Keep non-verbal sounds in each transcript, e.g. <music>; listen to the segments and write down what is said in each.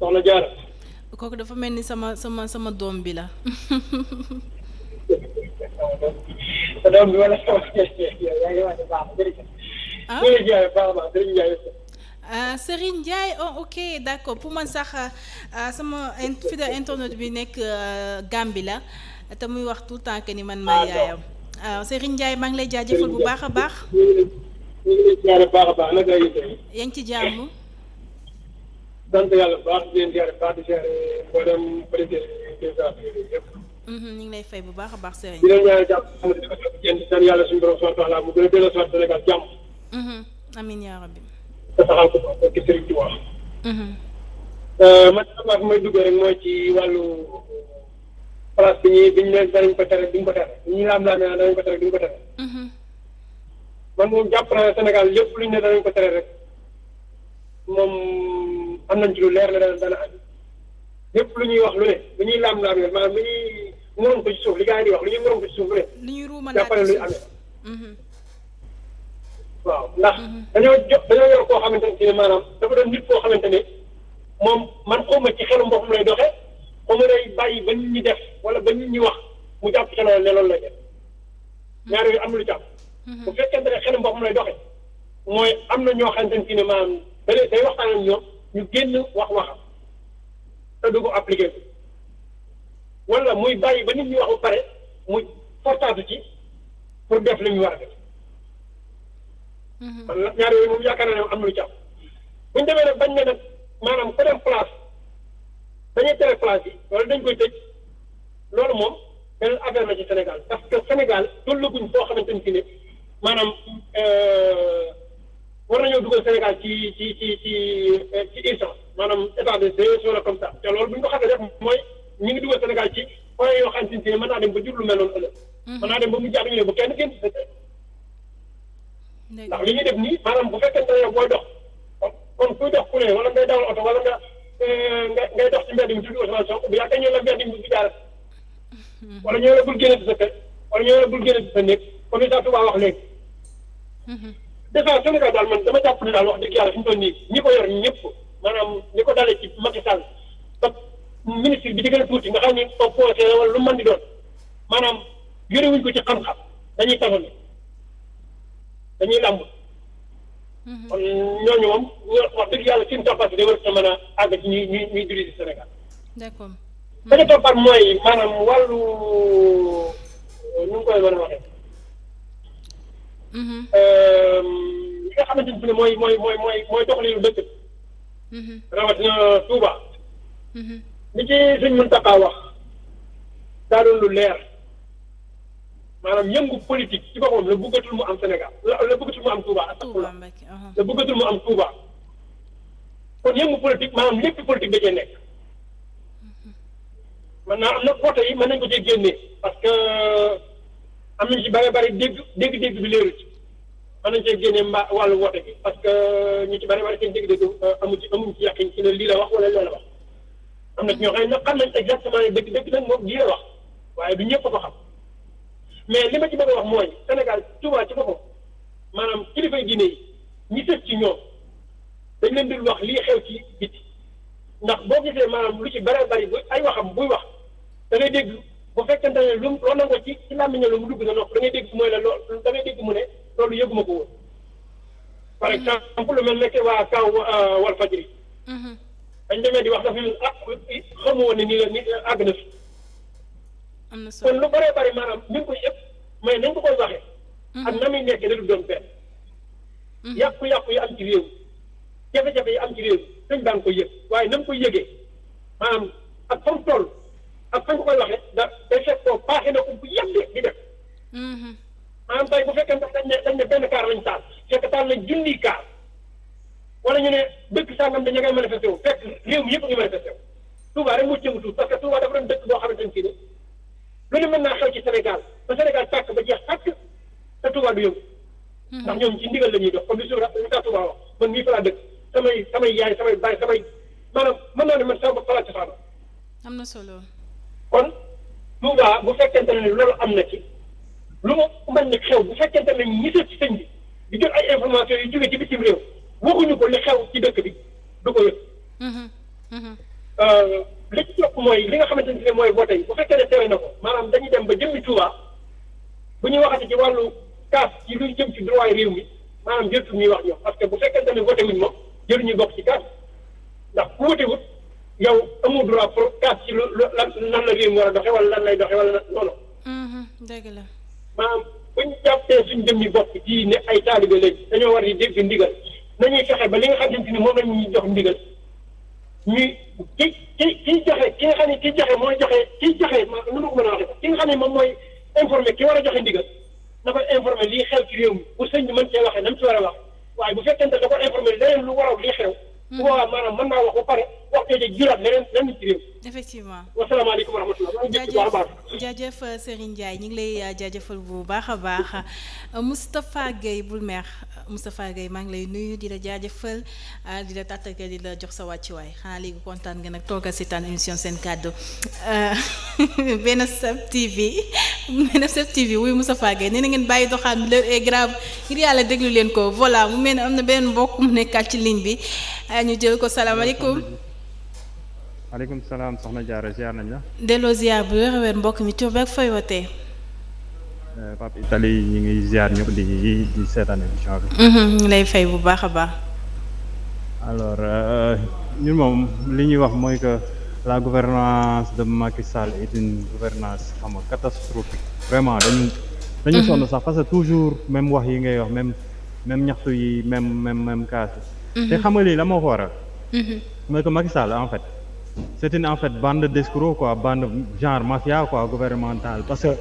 soxna Diarra. kooku dafa mel ni sama sama sama doom bi la. sa doom bi wala ah? ah, oh, ok d'accord pour man sax ah, sama in internet bi nekk uh, Gambie la te muy wax tout le temps ni man maa yaayam waaw Serigne Ndiaye maa ngi lay jaajëfal bu baax a baax. yaa ngi ci jàmm. sant yàlla bu baax di leen ziare baax di ziare mboolem président yëpp. Mhm, ñu ngi lay fay bu baax a baax sëriñ. di leen ñaan jàpp di sant yàlla suñu borom sant yàlla mu gën a delloo sant Sénégal jàmm. Mhm, amiin yaa rabbi. dafa xam ko baax kii sëriñ bi wax. man damaa rek mooy ci wàllu ñu leen danañ ko tere duñ ko tere mhm. ñu la am laa ne danañ ko tere rek moom. am nañ ci lu leer la dana dana am lépp lu ñuy wax lu ne lu ñuy laam-laam yoon maanaam lu ñuy mënoon ko ci suuf li gars yi di wax lu ñuy mënoon ko ci suuf lu ne. lu ñuy ruuma naat ci suuf mhm. waaw ndax mhm. dañoo jox dañoo yor koo xamante ne maanaam dafa dem nit koo xamante ne moom man xaw ma ci xelum boppam lay doxee xaw ma lay bàyyi ba nit def wala ba nit ñi wax mu jàpp ci loolu ne loolu lay def mhm. ñaar am na lu jàpp. mu fekkente ne xelum boppam lay doxee mooy am na ñoo xamante ne maanaam da day waxtaan ak ñoom. ñu génn wax waxam te du ko appliqué ko wala muy bàyyi ba nit ñi wax ba pare mu fortaatu ci pour def li war a def. Mhm. ñaar yooyu moom yaakaar na ne am na lu ci am bu ñu demee nag bañ ne nag maanaam ku dem place dañuy tere place yi wala dañ koy tëj loolu moom beneen affaire la ci Sénégal parce que Sénégal tolluguñ foo xamante ni fi ne maanaam. Euh, war nañoo dugal Sénégal ci ci ci ci euh, ci instance maanaam état de séance wala comme ça te loolu bu ko xasee def mooy ñu ngi dugal Sénégal ci point yoo xam ne mën naa dem ba jur lu mel noonu ëllëg. Mhm. mën naa dem ba mu jaadu ñu ne bu kenn kenn ci ndax li ñuy def nii maanaam bu fekkente ne yow booy dox kon kuy dox ku ne wala ngay oto wala nga euh, ngay dox ci mbedd mi tuuti autorisation bu yàgg ñu la mbedd mi du jaar mhm. wala ñoo la bul génne sa wala ñoo la bul génne ci sa néeg comme li Touba wax léegi. Mhm. défense Sénégal daal man dama jàpp ne daal wax dëgg yàlla fi mu toll ñi ko yor ñëpp maanaam ñi ko dalee ci Macky Sall ba ministre bi di gën a tuuti nga xam ni au conseil wala lu mën di doon maanaam yorewuñ ko ci xam-xam dañuy taxaw dañuy làmb. Mhm. kon ñooñu moom wax dëgg yàlla seen capacité war na mën a àgg ci ñuy ñuy ñuy diriger Sénégal. d'accord. ba ca mhm. toppaat mooy maanaam wàllu nu mu koy Mm-hmm. Euh, li nga xamante ne mooy mooy mooy mooy mooy doxalinu dëkk bi. Mm-hmm. rawatina Touba. Mm-hmm. li ci sëñ Mountakha wax daa doon lu leer maanaam yëngu politique ci boppam la bëggatul mu am Sénégal la la bëggatul mu am Touba astafurlah uh-huh. la bëggatul mu am Touba kon yëngu politique maanaam lépp politique da cee nekk. maintenant am na côté yi nañ ko cee génnee parce que. am nañ ci bare bari dégg dégg-dégg bi léeru ci mën nañ cee génne mba wàllu woote bi parce que euh, ñu ci bare bari seen dégg-dégg euh, amu ci amuñ ci yàqin ci ne lii la wax wala loolu la wax am na ci ñoo xam ne xam nañ exactement ne dëgg-dëgg nag moom lii la wax waaye du ñëpp ko xam mais li ma ci bëgg a wax mooy Sénégal Touba ci boppam maanaam kilifa diine yi ñi sës ci ñoom dañ leen dul wax li xew ci biti ndax boo gisee maanaam lu ci bare bari bu ay waxam buy wax da ngay dégg bu fekkente ne lu loo nangoo ci ci làmmiñ lu mu dugg sa nopp da ngay dégg mooy la loo da ngay dégg mu ne loolu yëguma ko woon par mm-hmm. exemple lu mel nekke waa kaw euh, wal fajri dañ mm-hmm. demee di wax dafa ñun ah xamu woon ne nii la ni àgg na fi am na lu bëree bëri maanaam ñu ngi koy yëpp mais nañ ko koy waxee mm-hmm. ak na muy nekkee dadu doon benn yàqu-yàqu yi am ci réew jafe-jafe yi am ci réew dañ daan koy yëg waaye na mu koy yëgee maanaam ak fa toll ak fañ koy waxee ndax day fekk na ko bu yàgg di def. Mm-hmm. maanaam tey bu fekkee dañ ne dañ ne benn kaar lañ taal fekk taal lañ junniy kaar wala ñu ne dëkk sàngam dañ ngay manifesté wu fekk réew yëpp ñu manifesté wu. Touba rek moo jëngu tuut parce que Touba dafa dëkk boo xamante ne si lu ne mën naa xew ci Sénégal ba Sénégal tàkk ba jeex tàkk te Touba du yëngu. Mm-hmm. ndax ñoom ci ndigal la ñuy dox comme li suñu ra li tax Touba wax man mii fa samay samay yaay samay baay samay maanaam mën naa ne man sama bopp fa laa am na solo kon Touba bu fekkente ni loolu am na ci lu mu mën nag xew bu fekkente ne ñi ci sëñ bi di jot ay information yu jóge ci bitim réew waxuñu ko li xew ci dëkk bi du ko yëg. Mhm, mhm. Euh, li ci mooy li nga xamante ne mooy vote yi bu fekkee ne teewe na ko maanaam dañuy dem ba jëmmi Touba bu ñuy waxati ci wàllu kaas ci luy jëm ci droit réew mi maanaam jërtu ñuy wax ñoom parce que bu fekkente ni vote wuñ moom jëruñu bokk ci kaas ndax ku wote yow amoo droit pour kaas ci lu lan nan la réew moo war a doxee wala lan lay doxee wala loolu. Mhm, dëgg la. maanaam bu ñu jàppee suñ jëm yi bopp ji ne ay taalibe léegi dañoo war di dégg ndigal nañuy fexe ba li nga xamante ni moom la ñuy jox ndigal ñuy ki ki joxe ki nga xam ne kiy joxe mooy joxe kiy joxe ma nu ma ko mën ki nga xam ne moom mooy ki war joxe ndigal na ko informé lii xew ci réew mi pour sëñ bi mën cee waxee na mu ci war a wax waaye bu fekkente da ko informé leneen lu waral lii xew. bu boobaa maanaam mën naa wax ba pare wax jooju juraat leneen leneen ci réew effectivement wasalaamaaleykum wa rahmatulah. jaajëf euh, Serigne ñu ngi lay euh, jaajëfal bu baax a baax euh, Moustapha Guèye bul mer Moustapha Guèye maa ngi lay nuyu di la jaajëfal di la tàttake di la jox sa wàccuwaay xanaa léegi kontaan nga nag toogal seetaan émission seen kàddu <laughs> Benasab TV Benasab TV wuy Moustapha Guèye nee na ngeen bàyyi doxaan bi l'heure ngir yàlla déglu leen ko vola mu mel ne am na benn mbokk mu nekkaat ci ligne bi ñu jël ko salaamaaleykum. maaleykum salaam soxna Diarra ziar nañ la. delloo mbokk mi tur beeg fooy wootee. Euh, ñu ngi ziar ñëpp di di seetaan mhm, bu baax a baax. Euh, li ñuy wax mooy que la gouvernance de Macky Sall est xam nga catastrophique vraiment dañu. dañu mhm. sax parce que toujours même wax yi ngay wax même même ñaxtu yi même même même kaas. Mhm. te xam nga la moo ko waral. mooy que Macky en fait. c'est une en fait bande d'escrocs quoi bande genre mafia quoi gouvernementale parce que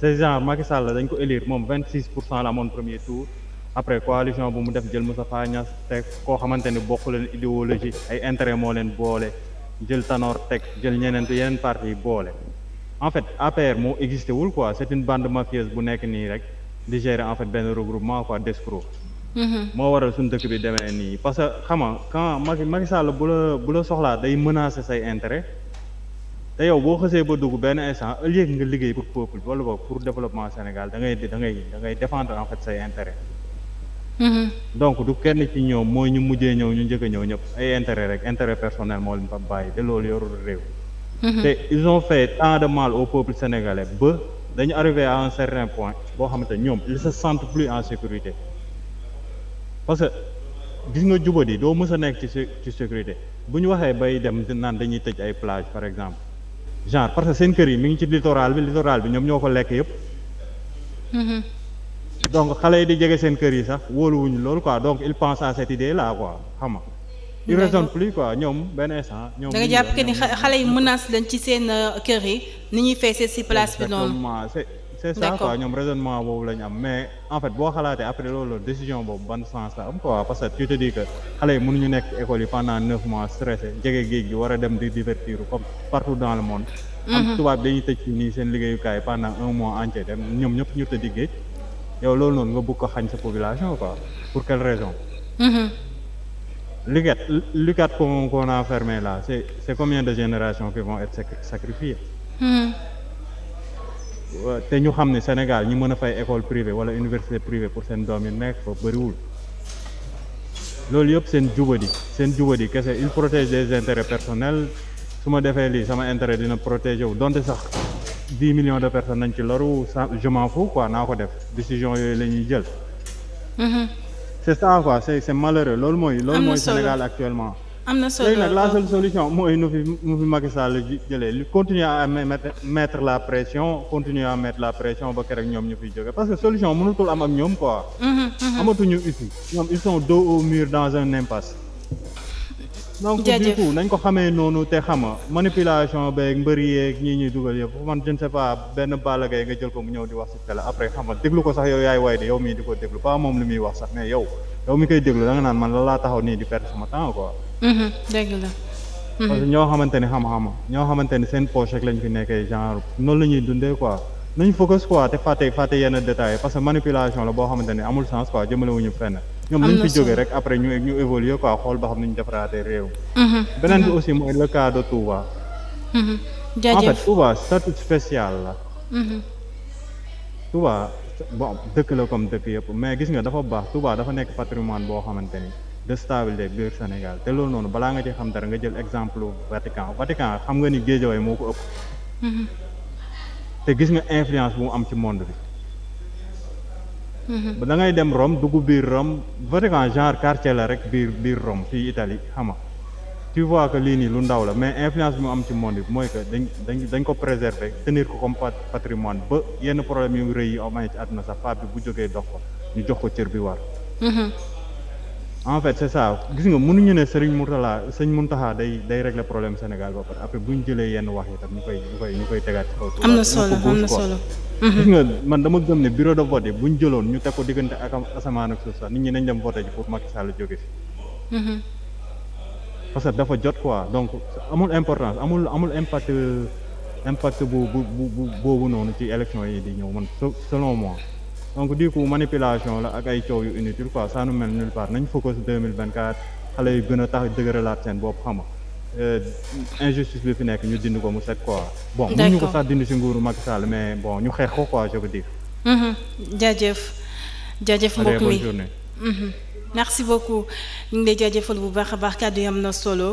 c'est genre Macky Sall dañ ko élire moom 26 pour cent la amoon premier tour après coalition bu mu def jël Moustapha Niasse teg koo xamante ni bokk leen idéologie ay intérêt moo leen boole jël Tanor teg jël ñeneen yeneen parti yi boole en fait APR moo existé wul quoi c'est une bande mafieuse bu nekk nii rek di gérer en fait benn regroupement quoi d'escrocs Mm-hmm. moo waral suñu dëkk bi demee nii parce que xam nga quand Macky Macky Sall bu la bu la soxlaa day menacer say intérêt te yow boo xësee ba dugg benn instant au lieu nga liggéey pour peuple wala boog pour développement Sénégal da ngay da ngay da ngay défendre en fait say intérêt mm-hmm. donc du kenn ci ñoom mooy ñu mujjee ñëw ñu njëkk ñëw ñëpp ay intérêt rek intérêt personnel moo leen fa bàyyi te loolu yorul réew mm-hmm. te ils ont fait tant de mal au peuple sénégalais ba dañu arrivé à un certain point boo xamante ñoom ils se sentent en sécurité parce que gis nga jubadi doo mës a nekk ci ci sécurité bu ñu waxee bay dem naan dañuy tëj ay plage par exemple genre parce que seen kër yi mi ngi ci littoral bi littoral bi ñoom ñoo ko lekk yëpp. Mm-hmm. donc xale yi di jege seen kër yi sax wóoluwuñu loolu quoi donc il pense à cette idée là quoi il raisonne nga jàpp que ni xale yi menace lañ ci seen euh, kër yi ni ñuy feesee si place bi noonu. c'est ça quoi ñoom raisonnement boobu la ñu am mais en fait boo xalaatee après loolu décision boobu ban sens la am quoi parce tu te dis que xale yi mënuñu nekk école yi pendant neuf mois stressé jege géej gi war a dem di divertir comme partout dans le monde mhm. tubaab dañuy tëj nii seen liggéeyukaay pendant un mois entier dem ñoom ñëpp ñu tëddi géej yow loolu noonu nga bëgg ko xañ sa population quoi pour quelle raison L'UCAD, mhm. l'UCAD qu'on a fermé là, c'est combien de générations qui vont être sacrifiées? Mhm. Euh, te ñu xam ne Sénégal ñu mën a fay école privée wala université privée pour seen doom yi nekk fa bëriwul loolu yëpp seen jubadi seen jubadi kese il protège des intérêts personnels su ma defee lii sama intérêt dina protéger wu donte sax dix millions de personnes nañ ci loru je m'en fous quoi naa ko def décision yooyu lañuy ñuy jël. Mm-hmm. c'est ça quoi c'est malheureux loolu mooy. loolu mooy Sénégal actuellement. am na solo nag la seule solution mooy nu fi nu fi Macky Sall jëlee continuer à mettre la pression continuer à mettre la pression ba keroog ñoom ñu fiy jóge parce que solution mënutul am ak ñoom quoi. Mhm, mhm. amatuñu issue ñoom ils sont dos au mur dans un impasse. donc du coup nañ ko xamee noonu te xama manipulation beeg mbëri yeeg ñii ñuy dugal yëpp man je ne sais benn Balla Gaye nga jël ko mu ñëw di wax ci télé après xama déglu ko sax yow yaay way di yow mii di ko déglu pas moom li naan man la laa taxaw nii di perdre sama temps quoi. Mm-hmm. dëgg la. Mm-hmm. parce que ñoo xamante ne xam-xama ñoo xamante ne seen poche rek lañ fi nekkee genre noonu la ñuy dundee quoi nañ focus quoi te fàtte fàtte yenn détails parce que manipulation la boo xamante ne amul sens quoi jëmale wuñu fenn. ñoom nañ fi jógee rek après ñu ñu évoluer quoi xool ba xam ni ñu réew. Mm-hmm. beneen bi aussi mooy le cas de Touba. jaajëf en fait Touba statut spécial la. Touba bon dëkk la comme dëkk yëpp mais gis nga dafa baax Touba dafa nekk patrimoine boo xamante ni. déstabiliser biir Sénégal te lool noonu balaa nga ci xam dara nga jël exemple Vatican Vatican xam nga ni Géejawaay moo ko ëpp. Mm-hmm. te gis nga influence bu mu am ci monde bi. Mm-hmm. ba ngay dem Rome dugg biir Rome Vatican genre quartier la rek biir biir Rome fii Italie xam nga tu vois que lii nii lu ndaw la mais influence bi mu am ci monde bi mooy que dañ dañ dañ ko préserver tenir ko comme patrimoine ba yenn problème yu rëy yi amee ci àdduna sax pape bi bu jógee dox ko ñu jox ko cër en fait c'est ça gis nga mënuñu ne Serigne Mourtala Serigne Mountakha day day régler problème Sénégal ba pare après bu ñu jëlee yenn wax yi tam ñu koy ñu koy ñu koy tegaat ci kaw. am na mhm. nga man dama gëm ne bureau de vote bu ñu jëloon ñu teg ko diggante ak asamaan ak suuf sax nit ñi nañ dem vote ji pour Macky Sall jóge fi. Mhm. parce que dafa jot quoi donc amul importance amul amul impact impact bu boobu noonu ci élection yi di ñëw man selon moi. donc du coup manipulation la ak ay coow yu inutile quoi ça nous mène nulle part nañ focus 2024 xale yu gën a tax dëgëralaat seen bopp xam nga euh, injustice bi fi nekk ñu dindi ko mu set quoi. bon mënuñu ko sax dindi si nguuru Macky Sall mais bon ñu xeex ko quoi je veux dire. Mm-hmm. jaajëf jaajëf mbokk mi mm-hmm. merci beaucoup ñu ngi lay bu baax a baax kàddu yi am na solo.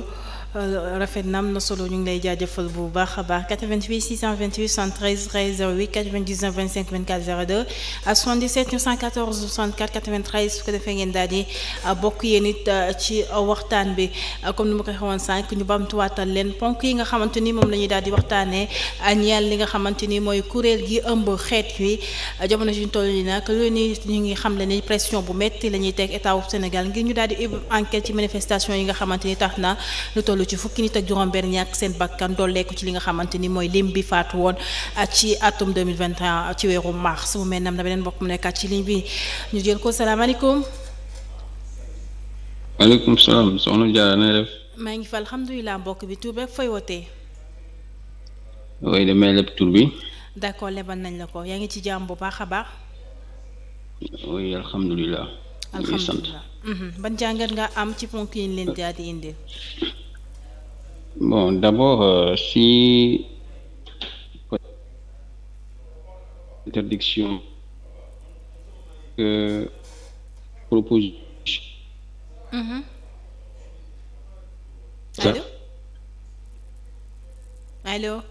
Euh, rafet na am na solo ñu ngi lay jaajëfal bu baax a baax 88 628 73 08 99 25 24 02 à 77 914 64 93 su ko defee ngeen daal di euh, bokk yéen it euh, ci waxtaan bi comme nu ma ko waxee woon sànq ñu bamtuwaatal leen ponk yi nga xamante ni moom la ñuy daal di waxtaanee ñeel li nga xamante ni mooy kuréel gi ëmb xeet wi jamono ji ñu toll yi nag loolu nii ñu ngi xam le ni pression bu métti la ñuy teg état wu Sénégal ngir ñu daal di enquête ci manifestation yi nga xamante ni tax na lu toll toll ci fukki nit ak juróom-benn ñàkk seen bakkan dolleeku ci li nga xamante ni mooy lim bi faatu woon ah, ci atum 2021 ah, ci weeru mars mu mel nam na beneen bokk mu nekkaat ci ligne bi ñu jël ko salaamaaleykum. maaleykum salaam soxna ngi fa mbokk bi tur beeg fooy wootee. bi. d' accord lebal nañ la ko yaa ngi ci jàmm bu baax a baax. oui mhm. ban jàngat nga am ci ponk yi ñu leen daal di indil. bon d'abord euh, si interdiction que proposition. Mm-hmm. Allô. allo.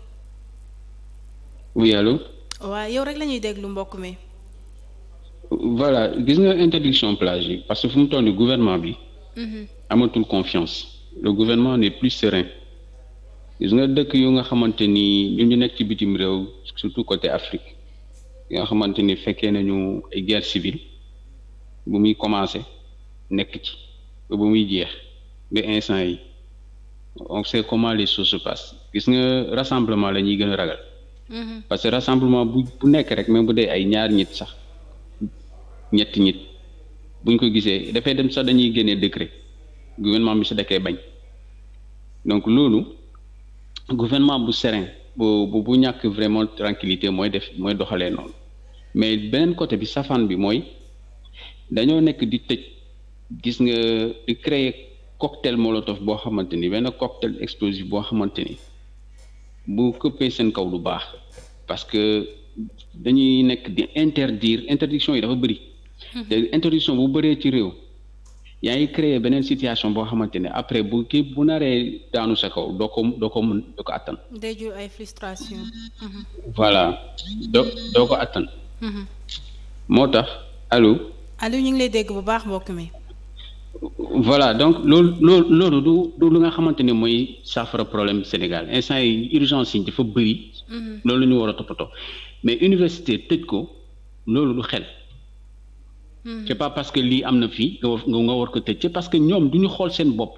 oui allo. waaw yow rek la ñuy déglu mbokk mi. voilà gis nga interdiction plage yi parce que fu mu toll nii gouvernement bi. Mm-hmm. amatul confiance le gouvernement n'est plus serein. gis nga dëkk yu nga xamante ni ñu ñu nekk ci bitim réew surtout côté Afrique yi nga xamante ni fekkee nañu ay guerre civile bu muy commencé nekk ci bu muy jeex ba instant yi on sait comment les choses se passent gis nga rassemblement la ñuy gën a ragal mm-hmm. parce que rassemblement bu bu nekk rek même bu dee ay ñaar nit sax ñetti nit buñ ko gisee dafay dem sax dañuy génnee décret gouvernement bi sa dekkee bañ donc loolu gouvernement bu serein bu bu ñàkk vraiment tranquillité mooy def mooy doxalee noonu mais beneen côté bi safaan bi mooy dañoo nekk di tëj gis nga di créer cocktail molotov boo xamante ni benn cocktail explosif boo xamante ni bu këppee seen kaw du baax parce que dañuy nekk di interdire interdiction yi dafa bëri te interdiction bu bëree ci réew yaa ngi créé beneen situation boo xamante ne après bu ki bu naree daanu sa kaw doo ko doo ko mun doo ko attan. day jur ay frustration. Mm-hmm. voilà doo ko attan. Mm-hmm. moo tax allo. allo ñu ngi lay dégg bu baax mbokk mi. voilà donc loolu loolu loolu du du lu nga xamante ne mooy saafara problème Sénégal instant yi urgence yi dafa bëri. Mm-hmm. loolu la ñu war a toppatoo mais université tëj ko loolu du xel. Mhm. c'est pas parce que lii am na fii nga war ko tëj c'est parce que ñoom du ñu xool seen bopp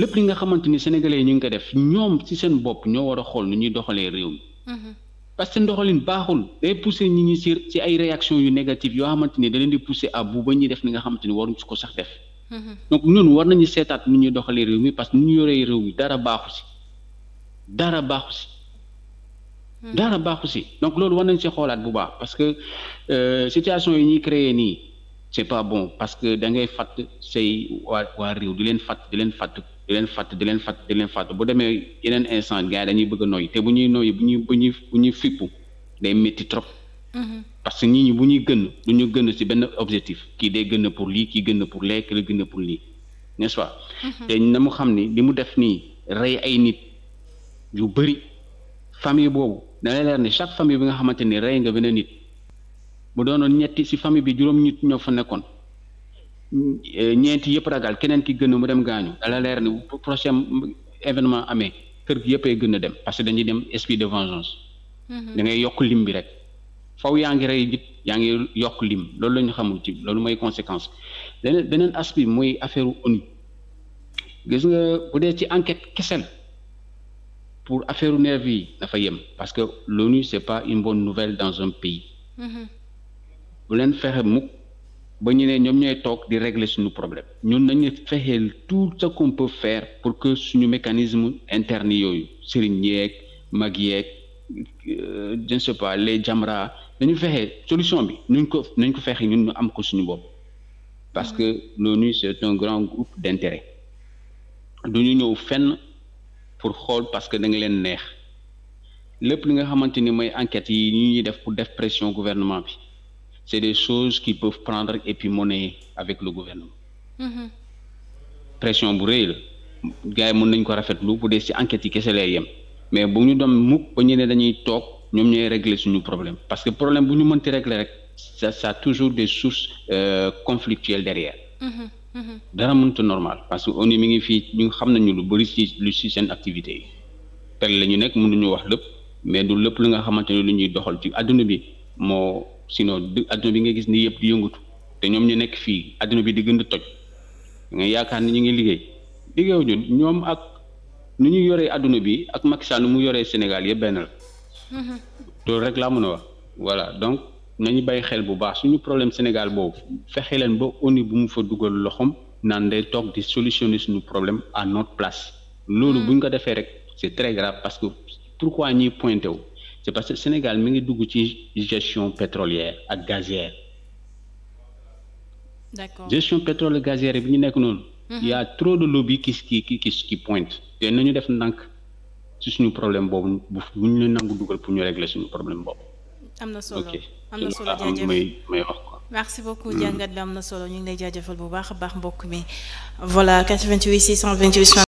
lépp li nga xamante ni sénégalais ñu ngi ko def ñoom ci seen bopp ñoo war a xool nu ñuy doxalee réew mi mhm. parce que ndoxalin baaxul day pousser nit ñi ci ay réaction yu négative yoo xamante ni da leen di pousser à bout ba ñuy def li nga xamante ni waruñ ko sax def mhm. donc ñun war nañu seetaat nu ñuy doxalee réew mi parce que nu ñu yoree réew mi dara baaxu si dara baaxu si Hmm. daara baaxu si donc loolu war nañ si xoolaat bu baax parce que euh, situation yi ñuy créer nii c'est pas bon parce que da ngay fàtt say waa waa réew di leen fàtt di leen fàtt di leen fàtt di leen fàtt di leen fàtt bu demee yeneen instant gars yi dañuy bëgg a te bu ñuy nooy bu ñuy bu ñuy bu ñuy fippu day métti trop hmm. parce que ñii ñi bu ñuy gën du ñu gën ci benn objectif kii day gën pour lii kii gën pour lee kii la gën pour lii n'est-ce hmm. te na mu xam ni li mu def nii rey ay nit yu bëri famille boobu da leer ni chaque famille bi nga xamante ni rey nga beneen nit bu doonoon ñetti si famille bi juróom nit ñoo fa nekkoon eh, ñeenti yëpp ragal keneen ki gën mu dem gaañu da leer ni bu prochain événement amee kër gi yëppay gën a dem parce que dañuy dem esprit de vengeance. Mhm. da ngay yokk lim bi rek faw yaa ngi rey nit yaa yokk lim loolu la ñu xamul ci loolu mooy conséquence beneen beneen aspect mooy affaire ONU gis nga bu dee ci enquête kesel pour affaire nervi yi dafa yem parce que l'ONU c'est pas une bonne nouvelle dans un pays mm-hmm. bu leen fexe mukk ba ñu ne ñoom ñooy toog di régler suñu problème ñun nañu fexeel tout ce qu'on peut faire pour que suñu mécanisme interne yooyu sëriñ yeeg mag yeeg euh, je ne sais pas les Jamra nañu fexe solution bi nuñ ko nañ ko fexe ñun ñu am ko suñu bopp parce mm-hmm. que l'ONU c'est un grand groupe d'intérêt duñu ñëw fenn pour xool parce que da nga leen neex lépp li nga xamante ni mooy enquêtes yi ñu ñuy def pour def pression gouvernement bi c'est des choses qui peuvent prendre et puis monnaie avec le gouvernement. Mmh. pression bu rëy la gars mën nañ ko rafetlu bu dee ci enquêtes yi kese lay yem mais bu ñu doon mukk ba ñu ne dañuy toog ñoom ñooy régler suñu problème parce que problème bu ñu mënti régler rek ça ça toujours des sources euh, conflictuelles derrière. Mm-hmm. Mm-hmm. dara mënut normal parce que ONU mi ngi fi ñu xam nañu lu bëri ci lu si seen activités yi per la ñu nekk mënuñu wax lépp mais du lépp lu nga xamante ne lu ñuy doxal ci adduna bi moo sinon du adduna bi nga gis nii yëpp di yëngatu te ñoom ñu nekk fii adduna bi di gën di toj nga yaakaar ni ñu ngi liggéey liggéeyuñu ñoom ak nu ñuy yoree adduna bi ak Macky Sall mu yoree Sénégal yëpp benn la. Mm-hmm. loolu rek laa mën a wax donc. nañu bàyyi xel bu baax suñu problème Sénégal boobu fexe leen ba ONU bu mu fa dugal loxoom naan day toog di solutionner suñu problème à notre place loolu hmm. bu ñu ko defee rek c'est très grave parce que pourquoi ñuy pointé wu c'est parce que Sénégal mi ngi dugg ci gestion pétrolière ak gazière. d'accord gestion pétrole gazière bi ñu nekk noonu. il hmm. y a trop de lobby qui qui qui qui pointe te nañu def ndànk ci suñu problème boobu bu ñu leen nangu dugal pour ñu régler suñu problème boobu. am na solo ok. am na ko merci beaucoup mm. jàngat bi am na solo ñu ngi lay jaajëfal bu baax a baax mbokk mi voilà 88 628